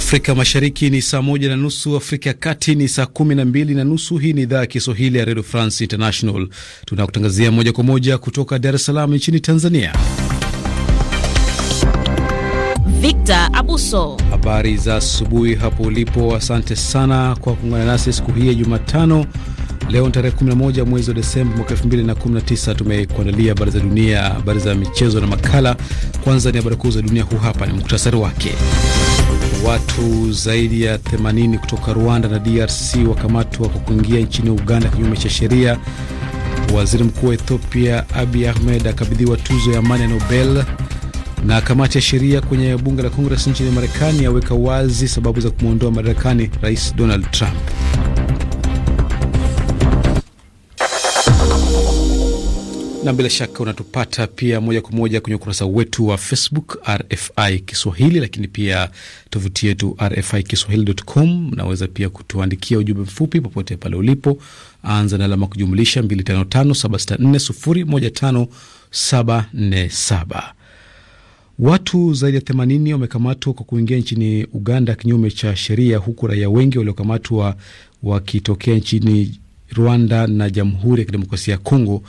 Afrika Mashariki ni saa moja na nusu, Afrika ya Kati ni saa kumi na mbili na nusu. Hii ni idhaa ya Kiswahili ya Redio France International, tunakutangazia moja kwa moja kutoka Dar es Salaam nchini Tanzania. Victor Abuso, habari za asubuhi hapo ulipo. Asante sana kwa kuungana nasi siku hii ya Jumatano. Leo ni tarehe 11 mwezi wa Desemba mwaka 2019. Tumekuandalia habari za dunia, habari za michezo na makala. Kwanza ni habari kuu za dunia, huu hapa ni muktasari wake. Watu zaidi ya 80 kutoka Rwanda na DRC wakamatwa kwa kuingia nchini Uganda kinyume cha sheria. Waziri mkuu wa Ethiopia Abiy Ahmed akabidhiwa tuzo ya amani ya Nobel, na kamati ya sheria kwenye bunge la kongress nchini Marekani yaweka wazi sababu za kumwondoa madarakani rais Donald Trump. na bila shaka unatupata pia moja kwa moja kwenye ukurasa wetu wa Facebook RFI Kiswahili, lakini pia tovuti yetu RFI Kiswahili.com. Unaweza pia kutuandikia ujumbe mfupi popote pale ulipo, anza na alama kujumlisha 255764015747. Watu zaidi ya 80 wamekamatwa kwa kuingia nchini Uganda kinyume cha sheria, huku raia wengi waliokamatwa wakitokea nchini Rwanda na Jamhuri ya Kidemokrasia ya Kongo.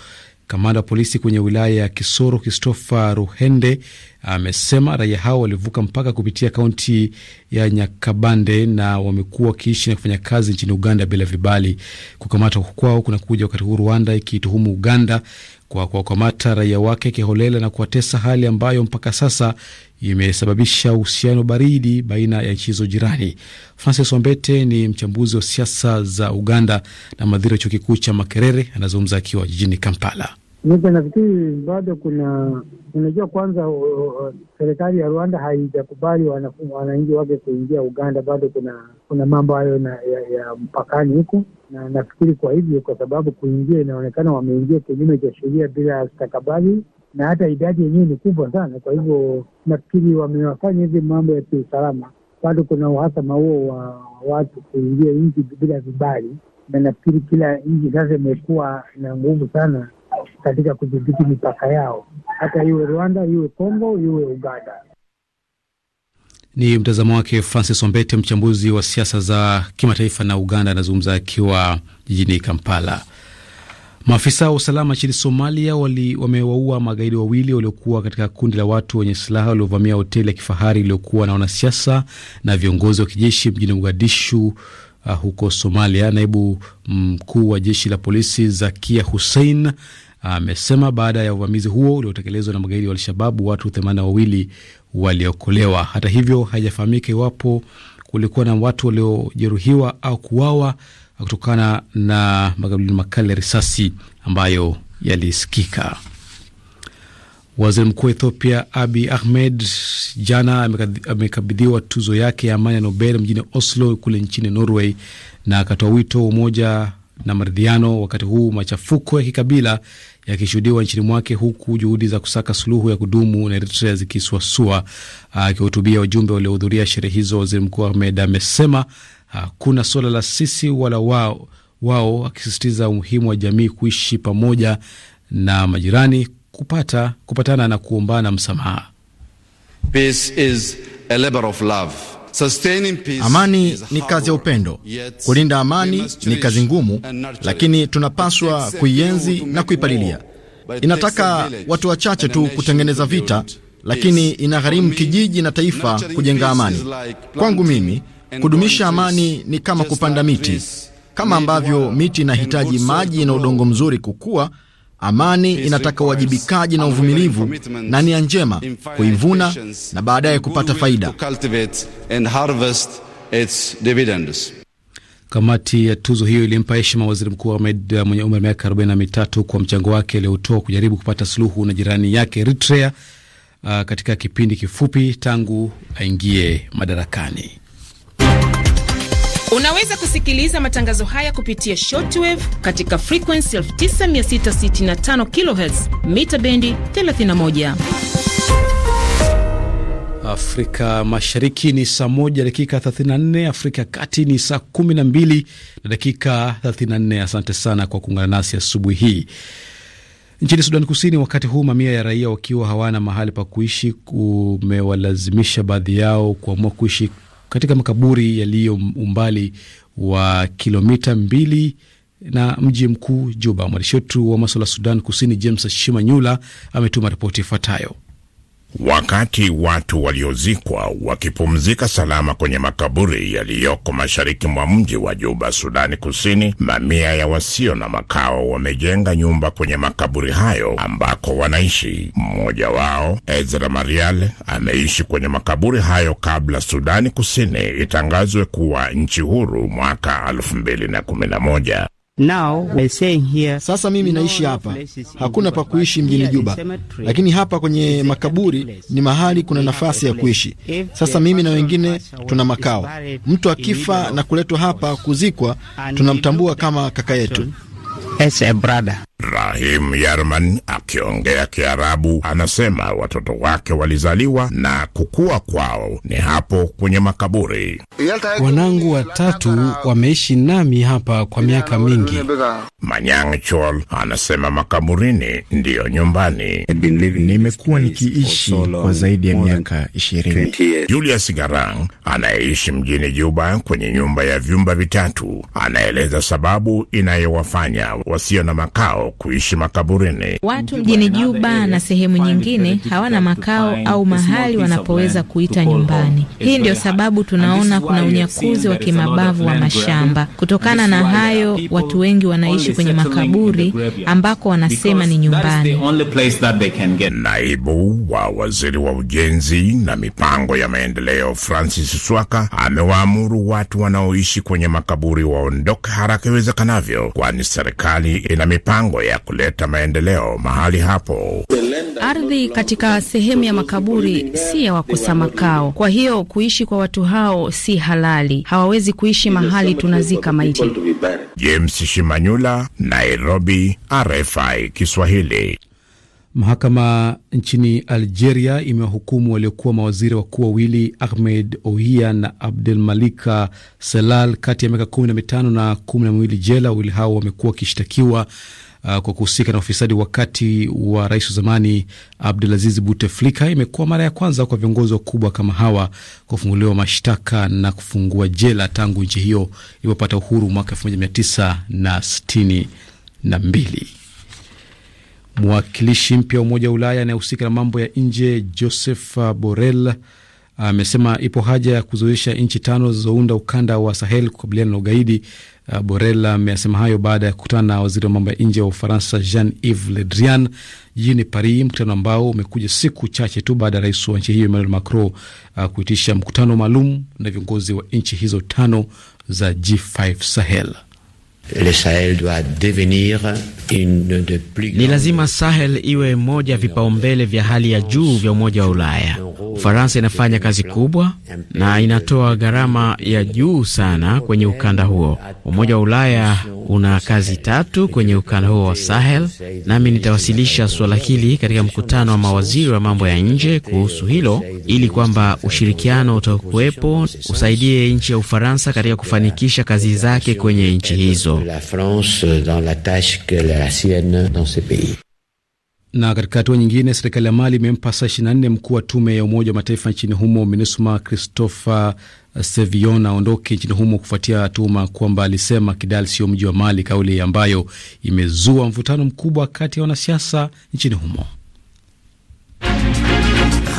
Kamanda wa polisi kwenye wilaya ya Kisoro, Christopher Ruhende, amesema raia hao walivuka mpaka kupitia kaunti ya Nyakabande na wamekuwa wakiishi na kufanya kazi nchini Uganda bila vibali. Kukamatwa kwao kunakuja wakati huu Rwanda ikituhumu Uganda kwa kuwakamata raia wake kiholela na kuwatesa, hali ambayo mpaka sasa imesababisha uhusiano baridi baina ya nchi hizo jirani. Francis Wambete ni mchambuzi wa siasa za Uganda na madhiri wa chuo kikuu cha Makerere, anazungumza akiwa jijini Kampala. Mimi nafikiri bado kuna, unajua, kwanza serikali ya Rwanda haijakubali wananchi wake kuingia Uganda. Bado kuna kuna mambo hayo ya, ya mpakani huko, na nafikiri kwa hivyo, kwa sababu kuingia inaonekana wameingia kinyume cha sheria bila stakabadhi, na hata idadi yenyewe ni kubwa sana. Kwa hivyo nafikiri wamewafanya hivi mambo ya kiusalama. Bado kuna uhasama huo wa watu kuingia nchi bila vibali, na nafikiri kila nchi sasa imekuwa na nguvu sana yao katika kudhibiti mipaka yao, hata iwe Rwanda, iwe Kongo, iwe Uganda. Ni mtazamo wake Francis Ombete, mchambuzi wa siasa za kimataifa na Uganda, anazungumza akiwa jijini Kampala. Maafisa wa usalama nchini Somalia wamewaua magaidi wawili waliokuwa katika kundi la watu wenye silaha waliovamia hoteli ya kifahari iliyokuwa na wanasiasa na viongozi wa kijeshi mjini Mogadishu, uh, huko Somalia. Naibu mm, mkuu wa jeshi la polisi Zakia Hussein amesema baada ya uvamizi huo uliotekelezwa na magaidi wa Alshababu watu themanini na wawili waliokolewa. Hata hivyo haijafahamika iwapo kulikuwa na watu waliojeruhiwa au kuwawa kutokana na makabiliano makali ya risasi ambayo yalisikika. Waziri mkuu wa Ethiopia Abi Ahmed jana amekabidhiwa tuzo yake ya amani ya Nobel mjini Oslo kule nchini Norway, na akatoa wito umoja na maridhiano, wakati huu machafuko ya kikabila yakishuhudiwa nchini mwake huku juhudi za kusaka suluhu ya kudumu na Eritrea zikisuasua. Akihutubia wajumbe waliohudhuria sherehe hizo, waziri mkuu Ahmed amesema hakuna suala la sisi wala wao wao, akisisitiza umuhimu wa jamii kuishi pamoja na majirani kupata kupatana na kuombana msamaha. is a labor of love. Amani ni kazi ya upendo. Kulinda amani ni kazi ngumu, lakini tunapaswa kuienzi na kuipalilia. Inataka watu wachache tu kutengeneza vita, lakini inagharimu kijiji na taifa kujenga amani. Kwangu mimi, kudumisha amani ni kama kupanda miti. Kama ambavyo miti inahitaji maji na udongo mzuri kukua Amani inataka uwajibikaji na uvumilivu na nia njema kuivuna na baadaye kupata faida. Kamati ya tuzo hiyo ilimpa heshima waziri mkuu Ahmed eh, mwenye umri wa miaka 43 kwa mchango wake aliyotoa kujaribu kupata suluhu na jirani yake Eritrea, uh, katika kipindi kifupi tangu aingie madarakani. Unaweza kusikiliza matangazo haya kupitia shortwave katika frequency 9665 kHz mita bendi 31. Afrika Mashariki ni saa moja dakika 34, Afrika Kati ni saa 12 na dakika 34. Asante sana kwa kuungana nasi asubuhi hii. Nchini Sudan Kusini, wakati huu mamia ya raia wakiwa hawana mahali pa kuishi kumewalazimisha baadhi yao kuamua kuishi katika makaburi yaliyo umbali wa kilomita mbili na mji mkuu Juba. Mwandishi wetu wa maswala ya Sudan Kusini James Shimanyula ametuma ripoti ifuatayo wakati watu waliozikwa wakipumzika salama kwenye makaburi yaliyoko mashariki mwa mji wa Juba, Sudani Kusini, mamia ya wasio na makao wamejenga nyumba kwenye makaburi hayo ambako wanaishi. Mmoja wao Ezra Marial ameishi kwenye makaburi hayo kabla Sudani Kusini itangazwe kuwa nchi huru mwaka 211 Now, here, sasa mimi naishi hapa, hakuna pa kuishi mjini Juba, lakini hapa kwenye makaburi ni mahali kuna nafasi ya kuishi. Sasa mimi na wengine tuna makao. Mtu akifa na kuletwa hapa kuzikwa, tunamtambua kama kaka yetu a brother. Rahim Yarman akiongea Kiarabu anasema watoto wake walizaliwa na kukua kwao ni hapo kwenye makaburi. Wanangu watatu wameishi nami hapa kwa miaka mingi. Manyang Chol anasema makaburini ndiyo nyumbani. Nimekuwa nikiishi kwa zaidi ya miaka ishirini. Julius Garang anayeishi mjini Juba kwenye nyumba ya vyumba vitatu anaeleza sababu inayowafanya wasio na makao kuishi makaburini. Watu mjini Juba na sehemu nyingine hawana makao au mahali wanapoweza kuita nyumbani. Hii ndio sababu tunaona kuna unyakuzi wa kimabavu wa mashamba. Kutokana na hayo, watu wengi wanaishi kwenye makaburi ambako wanasema ni nyumbani. Naibu wa waziri wa ujenzi na mipango ya maendeleo Francis Swaka amewaamuru watu wanaoishi kwenye makaburi waondoke haraka iwezekanavyo, kwani serikali serikali ina mipango ya kuleta maendeleo mahali hapo. Ardhi katika sehemu ya makaburi si ya wakosa makao, kwa hiyo kuishi kwa watu hao si halali. Hawawezi kuishi mahali tunazika maiti. James Shimanyula, Nairobi, RFI Kiswahili. Mahakama nchini Algeria imewahukumu waliokuwa mawaziri wakuu wawili Ahmed Ohia na Abdel Malika Selal kati ya miaka kumi na mitano na kumi na miwili jela. Wawili hao wamekuwa wakishtakiwa uh, kwa kuhusika na ufisadi wakati wa rais wa zamani abdul aziz Buteflika. Imekuwa mara ya kwanza kwa viongozi wakubwa kama hawa kufunguliwa mashtaka na kufungua jela tangu nchi hiyo ilipopata uhuru mwaka 1962. Mwakilishi mpya wa Umoja wa Ulaya anayehusika na mambo ya nje Joseph Borrell amesema ipo haja ya kuzoesha nchi tano zilizounda ukanda wa Sahel kukabiliana na ugaidi. Borrell amesema hayo baada ya kukutana na waziri wa mambo ya nje wa Ufaransa Jean Yves Le Drian jijini Paris, mkutano ambao umekuja siku chache tu baada ya rais wa nchi hiyo Emmanuel Macron uh, kuitisha mkutano maalum na viongozi wa nchi hizo tano za G5 Sahel. Le Sahel doit devenir une de plus ni lazima Sahel iwe moja ya vipaumbele vya hali ya juu vya Umoja wa Ulaya. Ufaransa inafanya kazi kubwa na inatoa gharama ya juu sana kwenye ukanda huo. Umoja wa Ulaya una kazi tatu kwenye ukanda huo wa Sahel, nami nitawasilisha suala hili katika mkutano wa mawaziri wa mambo ya nje kuhusu hilo, ili kwamba ushirikiano utakuwepo usaidie nchi ya Ufaransa katika kufanikisha kazi zake kwenye nchi hizo. Kongo. La France euh, dans la tâche que la sienne dans ce pays. Na katika hatua nyingine, serikali ya Mali imempa saa 24 mkuu wa tume ya Umoja wa Mataifa nchini humo MINUSMA Christopher Sevion aondoke nchini humo kufuatia tuhuma kwamba alisema Kidal sio mji wa Mali, kauli ambayo imezua mvutano mkubwa kati ya wanasiasa nchini humo.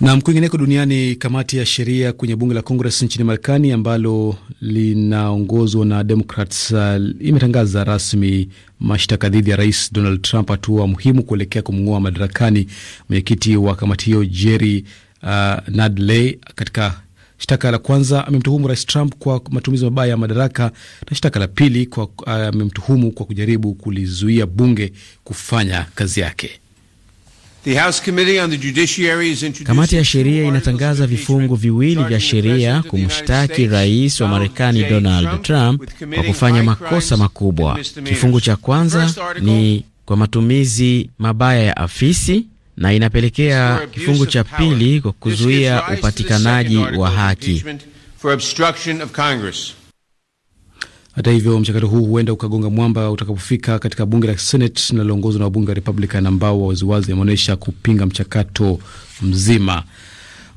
Na kwingineko duniani, kamati ya sheria kwenye bunge la Congress nchini Marekani ambalo linaongozwa na Democrats uh, imetangaza rasmi mashtaka dhidi ya rais Donald Trump, hatua muhimu kuelekea kumng'oa madarakani. Mwenyekiti wa kamati hiyo Jerry uh, Nadler katika Shtaka la kwanza amemtuhumu rais Trump kwa matumizi mabaya ya madaraka na shtaka la pili uh, amemtuhumu uh, kwa kujaribu kulizuia bunge kufanya kazi yake. Kamati ya sheria inatangaza vifungu viwili vya sheria kumshtaki rais wa Marekani Donald Trump kwa kufanya makosa makubwa. Kifungu cha kwanza ni kwa matumizi mabaya ya afisi na inapelekea kifungu cha pili kwa kuzuia upatikanaji wa haki. Hata hivyo, mchakato huu huenda ukagonga mwamba utakapofika katika bunge la Senate linaloongozwa na wabunge wa Republican ambao waziwazi wameonyesha kupinga mchakato mzima.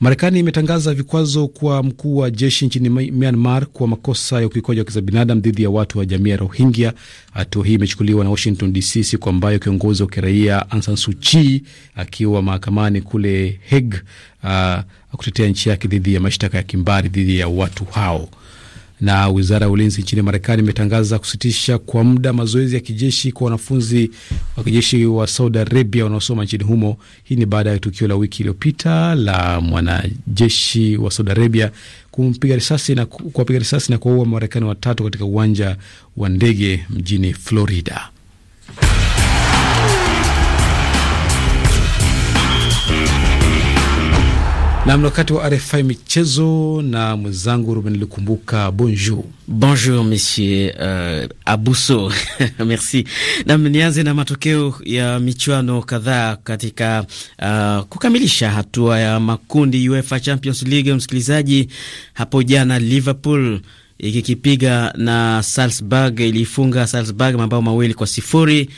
Marekani imetangaza vikwazo kwa mkuu wa jeshi nchini Myanmar kwa makosa ya ukiukaji wa haki za binadamu dhidi ya watu wa jamii ya Rohingya. Hatua hii imechukuliwa na Washington DC siku ambayo kiongozi wa kiraia Aung San Suu Kyi akiwa mahakamani kule Hague, uh, kutetea nchi yake dhidi ya mashtaka ya kimbari dhidi ya watu hao. Na wizara ya ulinzi nchini Marekani imetangaza kusitisha kwa muda mazoezi ya kijeshi kwa wanafunzi wa kijeshi wa Saudi Arabia wanaosoma nchini humo. Hii ni baada ya tukio la wiki iliyopita la mwanajeshi wa Saudi Arabia kumpiga risasi na kuwapiga risasi na kuwaua Marekani watatu katika uwanja wa ndege mjini Florida. Nam wakati wa RFI michezo na mwenzangu Ruben Likumbuka. Bonjour, bonjour monsieur uh, Abuso merci. Nam nianze na matokeo ya michuano kadhaa katika uh, kukamilisha hatua ya makundi UEFA Champions League. Msikilizaji, hapo jana Liverpool ikikipiga na Salzburg ilifunga Salzburg mabao mawili kwa sifuri.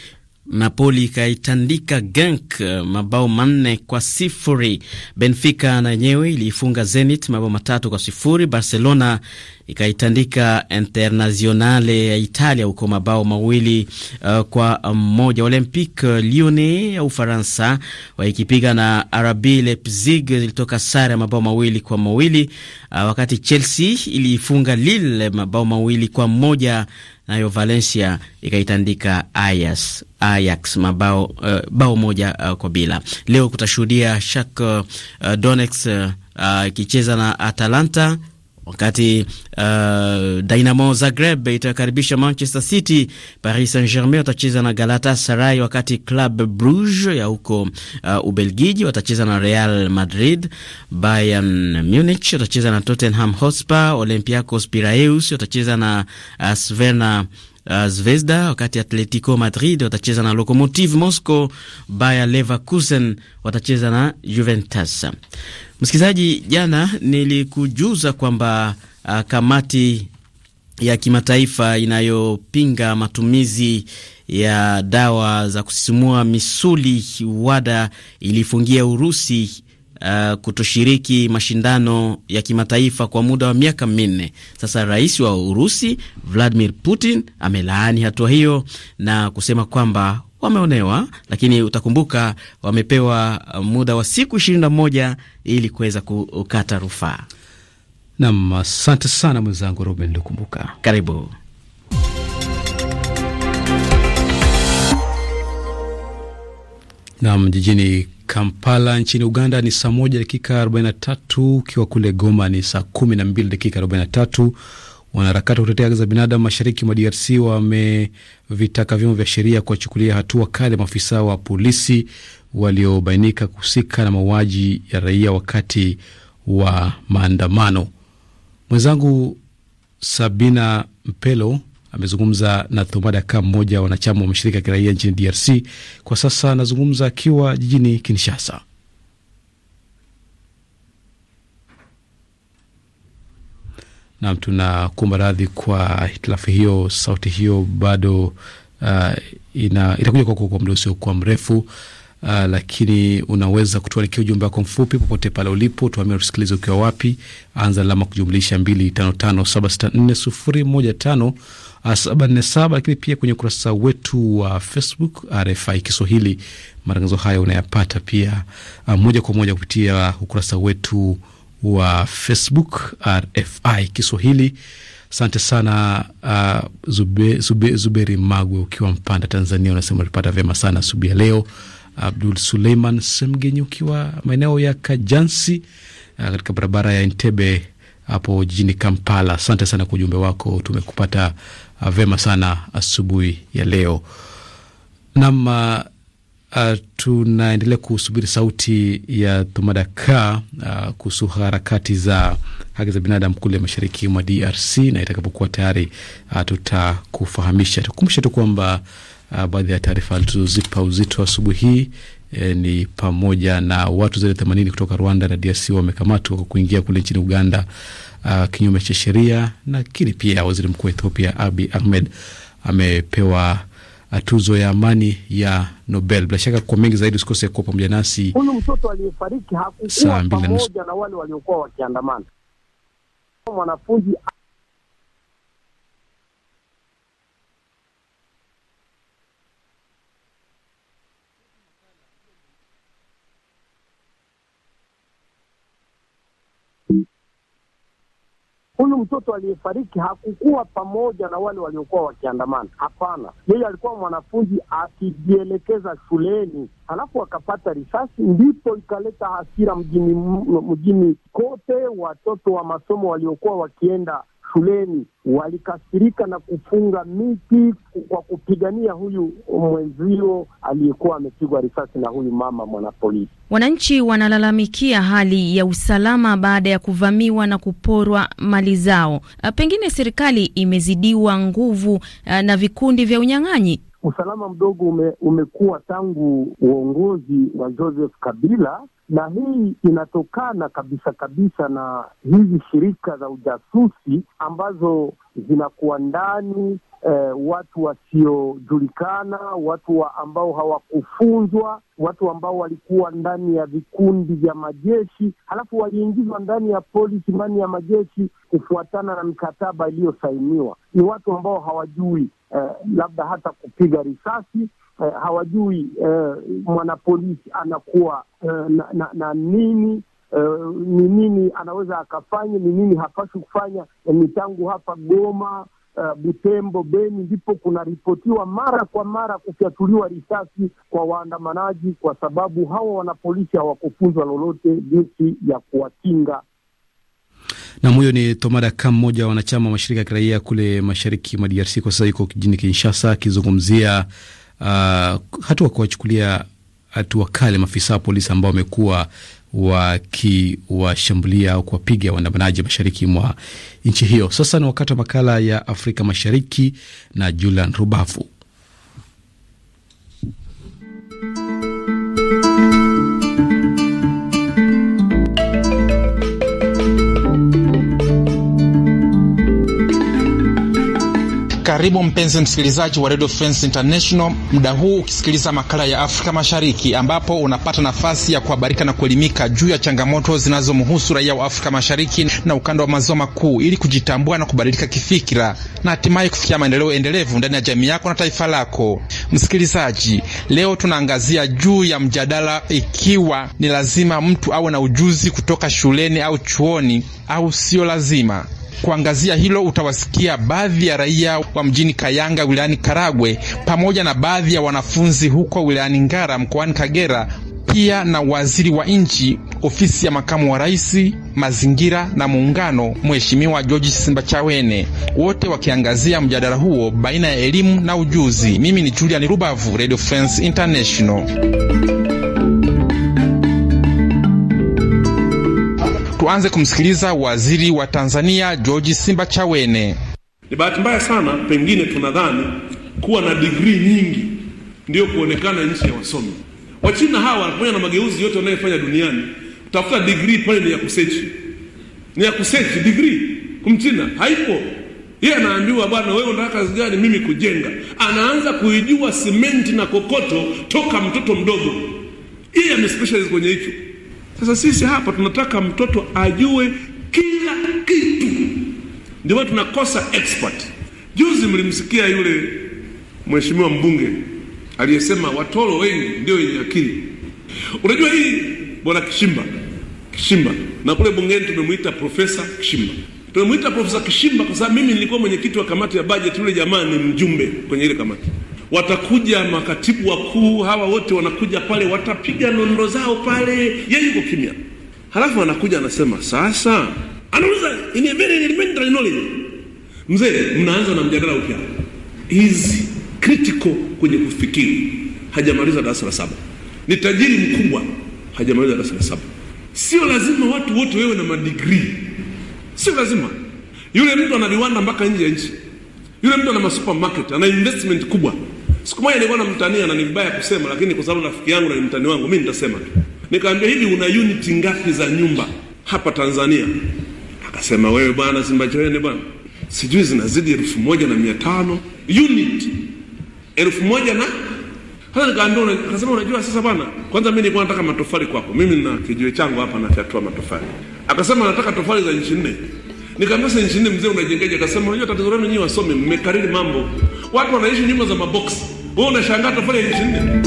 Napoli ikaitandika Genk eh, mabao manne kwa sifuri. Benfica na yenyewe iliifunga Zenit mabao matatu kwa sifuri. Barcelona ikaitandika Internazionale ya Italia huko mabao mawili uh, kwa mmoja. Olympique Lyonnais ya Ufaransa waikipiga na RB Leipzig ilitoka sare ya mabao mawili kwa mawili. Uh, wakati Chelsea iliifunga Lille mabao mawili kwa mmoja nayo Valencia ikaitandika Ajax, Ajax mabao uh, bao moja uh, kwa bila. Leo kutashuhudia Shakhtar uh, Donetsk ikicheza uh, na Atalanta Wakati uh, Dinamo Zagreb itakaribisha Manchester City, Paris Saint-Germain watacheza na Galatasaray, wakati Club Brugge ya huko uh, Ubelgiji watacheza na Real Madrid. Bayern Munich watacheza na Tottenham Hotspur. Olympiacos Piraeus watacheza na uh, Svena Uh, Zvezda, wakati Atletico Madrid watacheza na Lokomotiv Moscow. Bayer Leverkusen watacheza na Juventus. Msikilizaji, jana nilikujuza kwamba uh, kamati ya kimataifa inayopinga matumizi ya dawa za kusisimua misuli WADA ilifungia Urusi Uh, kutoshiriki mashindano ya kimataifa kwa muda wa miaka minne sasa. Rais wa Urusi Vladimir Putin amelaani hatua hiyo na kusema kwamba wameonewa, lakini utakumbuka wamepewa uh, muda wa siku ishirini na moja ili kuweza kukata rufaa. Nam, asante sana mwenzangu Ruben Lukumbuka, karibu. Nam, jijini Kampala nchini Uganda ni saa moja dakika 43, ukiwa kule Goma ni saa 12 dakika 43. Wanaharakati wa kutetea haki za binadamu mashariki mwa DRC wamevitaka vyombo vya sheria kuwachukulia hatua kali maafisa wa polisi waliobainika kuhusika na mauaji ya raia wakati wa maandamano. Mwenzangu Sabina Mpelo amezungumza na Ka, mmoja wanachama wa mashirika ya kiraia nchini DRC. Kwa sasa anazungumza akiwa jijini Kinshasa. Nam, tunakuomba radhi kwa hitilafu hiyo. Sauti hiyo bado uh, ina, itakuja kwako kwa muda usiokuwa mrefu. Uh, lakini unaweza kutuandikia ujumbe wako mfupi popote pale ulipo, tuambie usikilize ukiwa wapi. Anza alama kujumlisha 255764015747, lakini pia kwenye ukurasa wetu wa uh, Facebook RFI Kiswahili. Matangazo haya unayapata pia uh, moja kwa moja kupitia ukurasa wetu wa Facebook RFI Kiswahili. Asante sana uh, Zube, Zube, Zuberi Magwe ukiwa Mpanda, Tanzania, unasema ulipata vyema sana asubuhi ya leo. Abdul Suleiman Semgenyi ukiwa maeneo ya Kajansi uh, katika barabara ya ntebe hapo jijini Kampala, asante sana kwa ujumbe wako, tumekupata uh, vyema sana asubuhi ya leo nam uh, Uh, tunaendelea kusubiri sauti ya Tomadaka uh, kuhusu harakati za haki za binadamu kule mashariki mwa DRC na itakapokuwa tayari uh, tutakufahamisha. Tukumbushe tu kwamba uh, baadhi ya taarifa tulizozipa uzito asubuhi hii eh, ni pamoja na watu zaidi ya 80 kutoka Rwanda na DRC wamekamatwa kwa kuingia kule nchini Uganda uh, kinyume cha sheria, lakini pia waziri mkuu wa Ethiopia Abiy Ahmed amepewa Uh, tuzo ya amani ya Nobel. Bila shaka kwa mengi zaidi usikose kuwa pamoja nasi. Huyu mtoto aliyefariki hakukuwa pamoja na wale waliokuwa wakiandamana. Mwanafunzi huyu mtoto aliyefariki hakukuwa pamoja na wale waliokuwa wakiandamana. Hapana, yeye alikuwa mwanafunzi akijielekeza shuleni, halafu akapata risasi, ndipo ikaleta hasira mjini mjini kote. Watoto wa masomo waliokuwa wakienda shuleni walikasirika na kufunga miti kwa kupigania huyu mwenzio aliyekuwa amepigwa risasi na huyu mama mwanapolisi. Wananchi wanalalamikia hali ya usalama baada ya kuvamiwa na kuporwa mali zao. Pengine serikali imezidiwa nguvu eh, na vikundi vya unyang'anyi usalama mdogo ume, umekuwa tangu uongozi wa Joseph Kabila, na hii inatokana kabisa kabisa na hizi shirika za ujasusi ambazo zinakuwa ndani eh, watu wasiojulikana, watu wa ambao hawakufunzwa, watu ambao walikuwa ndani ya vikundi vya majeshi, halafu waliingizwa ndani ya polisi, ndani ya majeshi kufuatana na mikataba iliyosainiwa. Ni watu ambao hawajui eh, labda hata kupiga risasi eh, hawajui eh, mwanapolisi anakuwa eh, na, na, na nini eh, ni uh, nini anaweza akafanya, ni nini hapaswi kufanya. Eh, ni tangu hapa Goma uh, Butembo, Beni ndipo kunaripotiwa mara kwa mara kufyatuliwa risasi kwa waandamanaji, kwa sababu hawa wanapolisi hawakufunzwa lolote jinsi ya kuwakinga. Nam, huyo ni Tomada Kam, mmoja wa wanachama wa mashirika ya kiraia kule mashariki mwa DRC. Kwa sasa yuko jijini Kinshasa akizungumzia uh, hatua kuwachukulia hatua kali maafisa wa polisi ambao wamekuwa wakiwashambulia au kuwapiga waandamanaji mashariki mwa nchi hiyo. Sasa ni wakati wa makala ya Afrika Mashariki na Julian Rubavu. Karibu mpenzi msikilizaji wa Radio France International, muda huu ukisikiliza makala ya Afrika Mashariki, ambapo unapata nafasi ya kuhabarika na kuelimika juu ya changamoto zinazomhusu raia wa Afrika Mashariki na ukanda wa mazoo makuu, ili kujitambua na kubadilika kifikira na hatimaye kufikia maendeleo endelevu ndani ya jamii yako na taifa lako. Msikilizaji, leo tunaangazia juu ya mjadala ikiwa ni lazima mtu awe na ujuzi kutoka shuleni au chuoni au sio lazima. Kuangazia hilo, utawasikia baadhi ya raia wa mjini Kayanga wilayani Karagwe pamoja na baadhi ya wanafunzi huko wilayani Ngara mkoani Kagera, pia na waziri wa nchi ofisi ya makamu wa rais mazingira na muungano, Mheshimiwa George Simbachawene, wote wakiangazia mjadala huo baina ya elimu na ujuzi. Mimi ni Julian Rubavu, Radio France International. tuanze kumsikiliza waziri wa Tanzania George Simba Chawene. Ni bahati mbaya sana, pengine tunadhani kuwa na digrii nyingi ndiyo kuonekana nchi ya wasomi. Wachina hawa wanaponya na mageuzi yote wanayofanya duniani, utafuta digrii pale ni ya kusechi, ni ya kusechi digrii. Kumchina haipo, yeye anaambiwa bwana, wewe unataka kazi gani? Mimi kujenga. Anaanza kuijua simenti na kokoto toka mtoto mdogo. Yeye ni kwenye hicho sasa sisi hapa tunataka mtoto ajue kila kitu, ndio tunakosa expert. Juzi mlimsikia yule mheshimiwa mbunge aliyesema watoro wengi ndio wenye akili. Unajua hii bwana Kishimba, Kishimba na kule bungeni tumemwita profesa Kishimba tumemwita Profesa Kishimba kwa sababu mimi nilikuwa mwenyekiti wa kamati ya bajeti, yule jamaa ni mjumbe kwenye ile kamati watakuja makatibu wakuu hawa wote wanakuja pale, watapiga nondo zao pale, yeye yuko kimya. Halafu anakuja anasema, sasa anauliza in a very elementary knowledge, mzee, mnaanza na mjadala upya, hizi critical kwenye kufikiri. Hajamaliza darasa la saba, ni tajiri mkubwa, hajamaliza darasa la saba. Sio lazima watu wote wewe na madigrii, sio lazima. Yule mtu ana viwanda mpaka nje ya nchi, yule mtu ana masupermarket, ana investment kubwa Siku moja nilikuwa namtania na ni vibaya kusema, lakini kwa sababu rafiki yangu na ni mtani wangu, mimi nitasema tu. Nikamwambia, hivi una unit ngapi za nyumba hapa Tanzania? Akasema, wewe bwana Simbachawene bwana, sijui zinazidi elfu moja na mia tano unit elfu moja na sasa nikaambia, akasema unajua, sasa bwana, kwanza mimi nilikuwa nataka matofali kwako, mimi na kijiwe changu hapa nafyatua matofali. Akasema nataka tofali za nchi nne. Nikamwambia sasa nchi nne mzee unajengeje? Akasema unajua, tatizo lenu nyinyi wasomi mmekariri mambo, watu wanaishi nyumba za maboksi wewe unashangaa tafanya elfu nne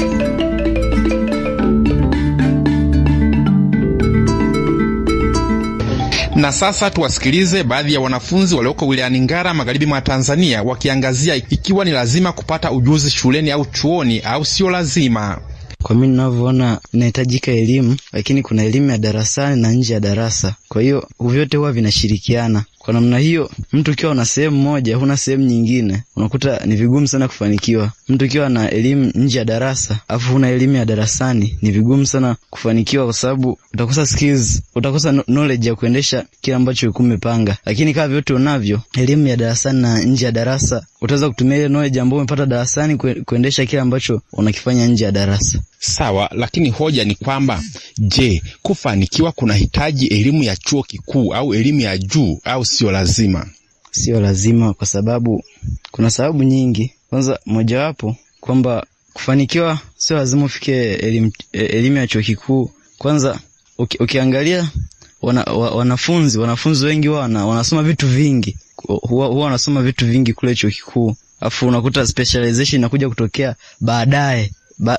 na sasa tuwasikilize baadhi ya wanafunzi walioko wilayani Ngara, magharibi mwa Tanzania, wakiangazia ikiwa ni lazima kupata ujuzi shuleni au chuoni au sio lazima. Kwa mimi ninavyoona, inahitajika elimu, lakini kuna elimu ya darasani na nje ya darasa. Kwa hiyo vyote huwa vinashirikiana. Kwa namna hiyo, mtu ukiwa una sehemu moja, huna sehemu nyingine, unakuta ni vigumu sana kufanikiwa. Mtu ukiwa na elimu nje ya darasa afu huna elimu ya darasani, ni vigumu sana kufanikiwa, kwa sababu utakosa skills, utakosa knowledge ya kuendesha kile ambacho ulikuwa umepanga. Lakini kama vyote unavyo, elimu ya darasani na nje ya darasa utaweza kutumia ile knowledge ambayo umepata darasani kuendesha kile ambacho unakifanya nje ya darasa. Sawa, lakini hoja ni kwamba je, kufanikiwa kunahitaji elimu ya chuo kikuu au elimu ya juu au sio lazima? Sio lazima, kwa sababu kuna sababu nyingi. Kwanza, mojawapo kwamba kufanikiwa sio lazima ufike elimu, e-, elimu ya chuo kikuu. Kwanza uki, ukiangalia wana, wa, wanafunzi wanafunzi wengi wana wanasoma vitu vingi, huwa, huwa wanasoma vitu vingi kule chuo kikuu, afu unakuta specialization inakuja kutokea baadaye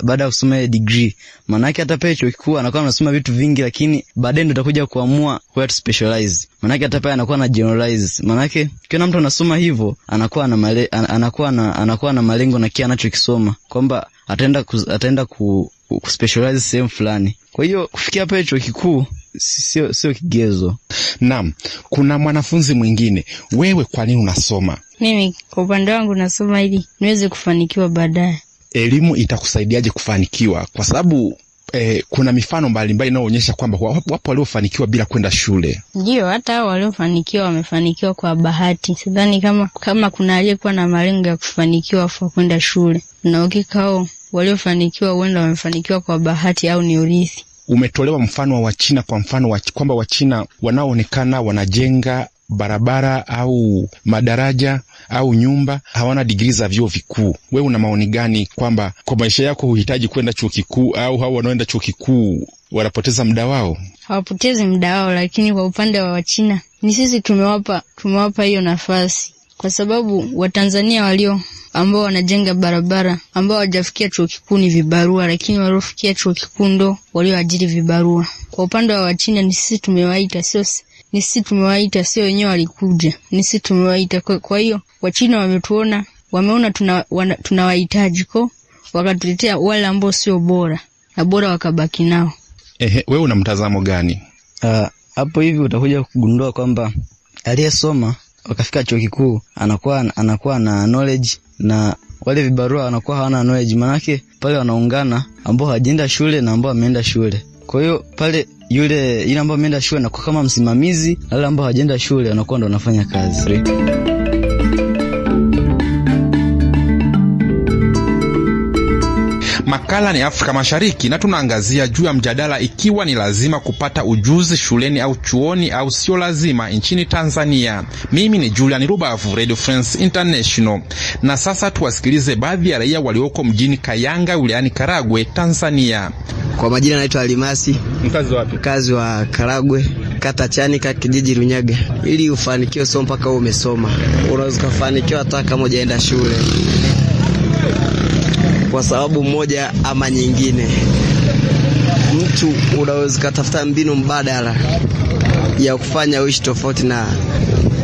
baada ya kusoma degree. Maana yake hata pale chuo kikuu anakuwa anasoma vitu vingi, lakini baadaye ndo atakuja kuamua where to specialize. Maana yake hata pale anakuwa na generalize. Maana yake kiona mtu anasoma hivyo, anakuwa na male, an, anakuwa na anakuwa na malengo na kile anachokisoma kwamba ataenda ataenda ku, ku, ku specialize sehemu fulani. Kwa hiyo kufikia pale chuo kikuu sio sio kigezo. Naam, kuna mwanafunzi mwingine, wewe kwa nini unasoma? Mimi kwa upande wangu nasoma ili niweze kufanikiwa baadaye. Elimu itakusaidiaje kufanikiwa? Kwa sababu eh, kuna mifano mbalimbali inayoonyesha kwamba wapo waliofanikiwa bila kwenda shule. Ndio, hata hao waliofanikiwa wamefanikiwa kwa bahati. Sidhani kama kama kuna aliyekuwa na malengo ya kufanikiwa afu kwenda shule, na ukikao waliofanikiwa huenda wamefanikiwa kwa bahati au ni urithi umetolewa mfano wa China, kwa mfano wa, kwamba Wachina wanaoonekana wanajenga barabara au madaraja au nyumba hawana digrii za vyuo vikuu. Wewe una maoni gani kwamba kwa maisha yako huhitaji kwenda chuo kikuu, au hao wanaoenda chuo kikuu wanapoteza muda wao? Hawapotezi muda wao, lakini kwa upande wa Wachina ni sisi tumewapa tumewapa hiyo nafasi kwa sababu Watanzania walio ambao wanajenga barabara ambao hawajafikia chuo kikuu ni vibarua, lakini waliofikia chuo kikuu ndo walioajiri vibarua. Kwa upande wa Wachina ni sisi tumewaita, sio ni sisi tumewaita, sio wenyewe walikuja, ni sisi tumewaita. Kwa hiyo Wachina wametuona, wameona tunawahitaji, tuna ko wakatuletea wale ambao sio bora na bora wakabaki nao. Ehe, wewe una mtazamo gani ah, hapo? Uh, hivi utakuja kugundua kwamba aliyesoma wakafika chuo kikuu, anakuwa anakuwa na knowledge na wale vibarua wanakuwa hawana knowledge, manake pale wanaungana ambao hawajaenda shule na ambao ameenda shule. Kwa hiyo pale yule yule ambao ameenda shule anakuwa kama msimamizi, wale ambao hawajaenda shule wanakuwa ndo wanafanya kazi. Makala ni Afrika Mashariki na tunaangazia juu ya mjadala ikiwa ni lazima kupata ujuzi shuleni au chuoni au sio lazima nchini Tanzania. Mimi ni Julian Rubavu, Radio France International. Na sasa tuwasikilize baadhi ya raia walioko mjini Kayanga wilayani Karagwe, Tanzania. Kwa majina naitwa Alimasi, mkazi wapi? Mkazi wa Karagwe, kata Chanika, kijiji Runyaga. Ili ufanikiwe sio mpaka umesoma, unaweza kufanikiwa hata kama hujaenda shule kwa sababu moja ama nyingine. Mtu unaweza ukatafuta mbinu mbadala ya kufanya uishi tofauti na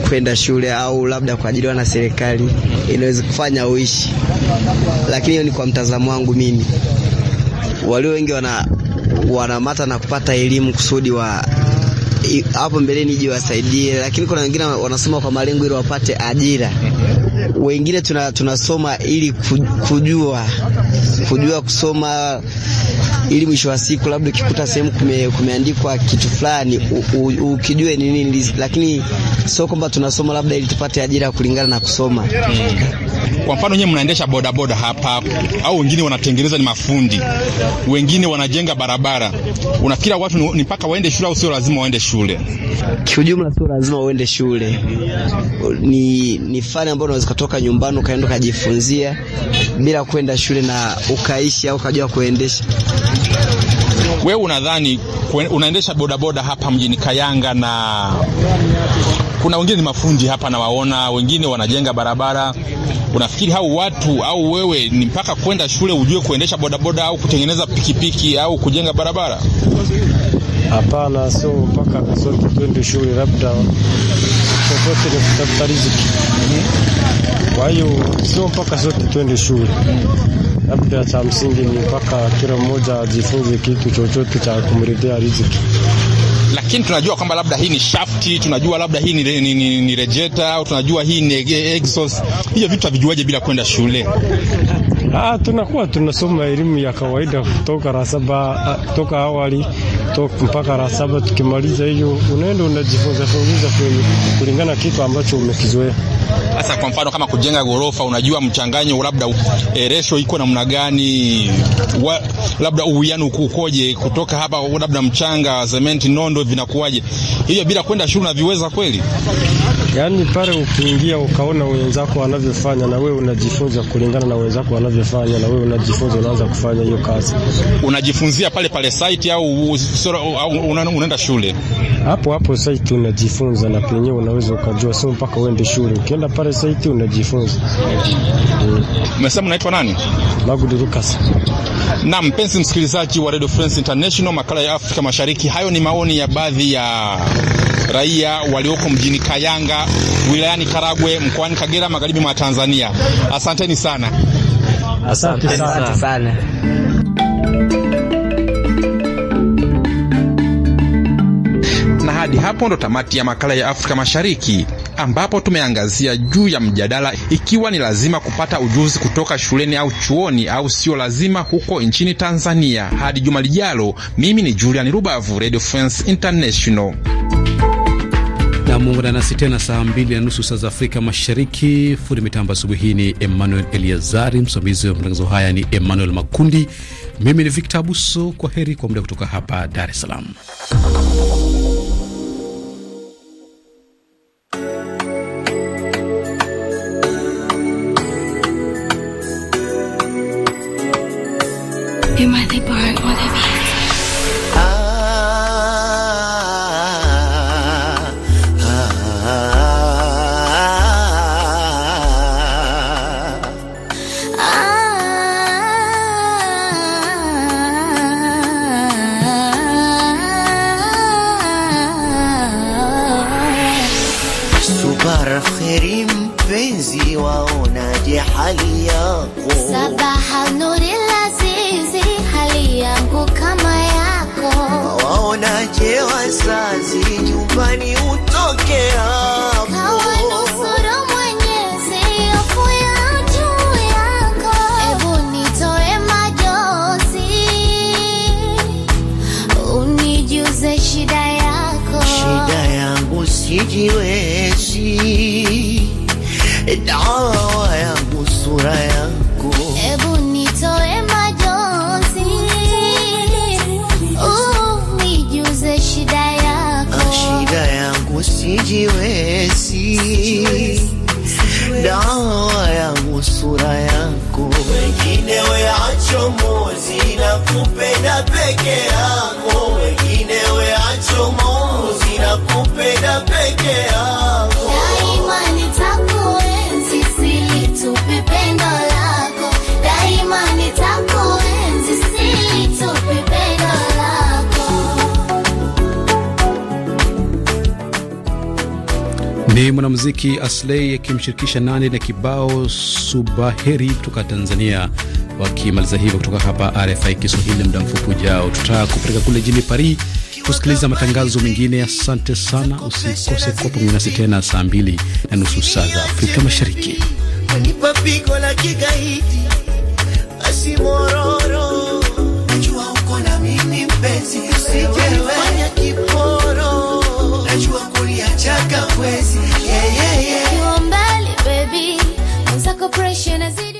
kwenda shule au labda kuajiriwa na serikali, inaweza kufanya uishi, lakini hiyo ni kwa mtazamo wangu mimi. Walio wengi wana wanamata na kupata elimu kusudi wa hapo mbeleni ije wasaidie, lakini kuna wengine wanasoma kwa malengo ili wapate ajira wengine tunasoma tuna ili kujua kujua kusoma ili mwisho wa siku labda ukikuta sehemu kume, kumeandikwa kitu fulani ukijue ni nini, lakini sio kwamba tunasoma labda ili tupate ajira kulingana na kusoma hmm. Kwa mfano nyewe mnaendesha bodaboda hapa au wengine wanatengeneza, ni mafundi wengine wanajenga barabara. Unafikira watu ni mpaka waende shule au sio lazima waende shule? Kiujumla sio lazima uende shule, ni, ni fani ambayo unaweza kutoka nyumbani ukaenda ukajifunzia bila kwenda shule na ukaishi au ukajua kuendesha wewe unadhani unaendesha bodaboda hapa mjini Kayanga na kuna wengine ni mafundi hapa na waona wengine wanajenga barabara, unafikiri hao watu au wewe ni mpaka kwenda shule ujue kuendesha bodaboda au kutengeneza pikipiki au kujenga barabara? Hapana, sio mpaka sote twende shule, labda popote ni kutafuta riziki. Kwa hiyo sio mpaka sote twende shule labda cha msingi ni mpaka kila mmoja ajifunze kitu chochote cha kumridhia riziki lakini tunajua kwamba labda hii ni shafti, tunajua labda hii ni, ni, ni, ni rejeta au tunajua hii ni e, exhaust. Hiyo vitu havijuaje bila kwenda shule? Ah, tunakuwa tunasoma elimu ya kawaida kutoka rasaba ah, kutoka awali kutoka mpaka rasaba. Tukimaliza hiyo, unaenda unajifunza funguza kwenye kulingana kitu ambacho umekizoea hasa kwa mfano kama kujenga ghorofa, unajua mchanganyo labda e, resho iko namna gani, labda uwiano ukoje, kutoka hapa labda mchanga, sementi, nondo vinakuwaje? Hiyo bila kwenda shule unaviweza kweli? yaani pale ukiingia ukaona wenzako wanavyofanya, na wewe unajifunza kulingana na wenzako wanavyofanya, na wewe unajifunza, unaanza kufanya hiyo kazi. Unajifunzia pale pale site au, unaenda shule? Hapo hapo site unajifunza, na penyewe unaweza ukajua, sio mpaka uende shule. Ukienda pale site unajifunza. Mm. Umesema unaitwa nani? Magudi Lucas. Na mpenzi msikilizaji wa Radio France International, makala ya Afrika Mashariki, hayo ni maoni ya baadhi ya raia walioko mjini Kayanga wilayani Karagwe mkoani Kagera magharibi mwa Tanzania. Asanteni sana. Asante sana. Asante sana. Na hadi hapo ndo tamati ya makala ya Afrika Mashariki ambapo tumeangazia juu ya mjadala ikiwa ni lazima kupata ujuzi kutoka shuleni au chuoni au sio lazima huko nchini Tanzania. Hadi juma lijalo, mimi ni Julian Rubavu, Radio France International. Nam nasi tena saa mbili na nusu saa za Afrika Mashariki. Fundi mitambo asubuhi hii ni Emmanuel Eliazari, msimamizi wa matangazo haya ni Emmanuel Makundi, mimi ni Victor Abuso. Kwa heri kwa muda kutoka hapa Dar es Salaam. Bara mpenzi, waonaje hali yako? Sabaha nuri lazizi, hali yangu kama yako. Waonaje wazazi, nyumbani utokea Ni mwanamuziki Asley akimshirikisha nane na kibao Subaheri kutoka Tanzania. Wakimaliza hivyo kutoka hapa RFI Kiswahili, muda mfupi ujao tutakupeleka kule jini Paris kusikiliza matangazo mengine. Asante sana, usikose kuwa pamoja nasi tena saa mbili na nusu saa za Afrika Mashariki. najua siwezi yeah, yeah, yeah.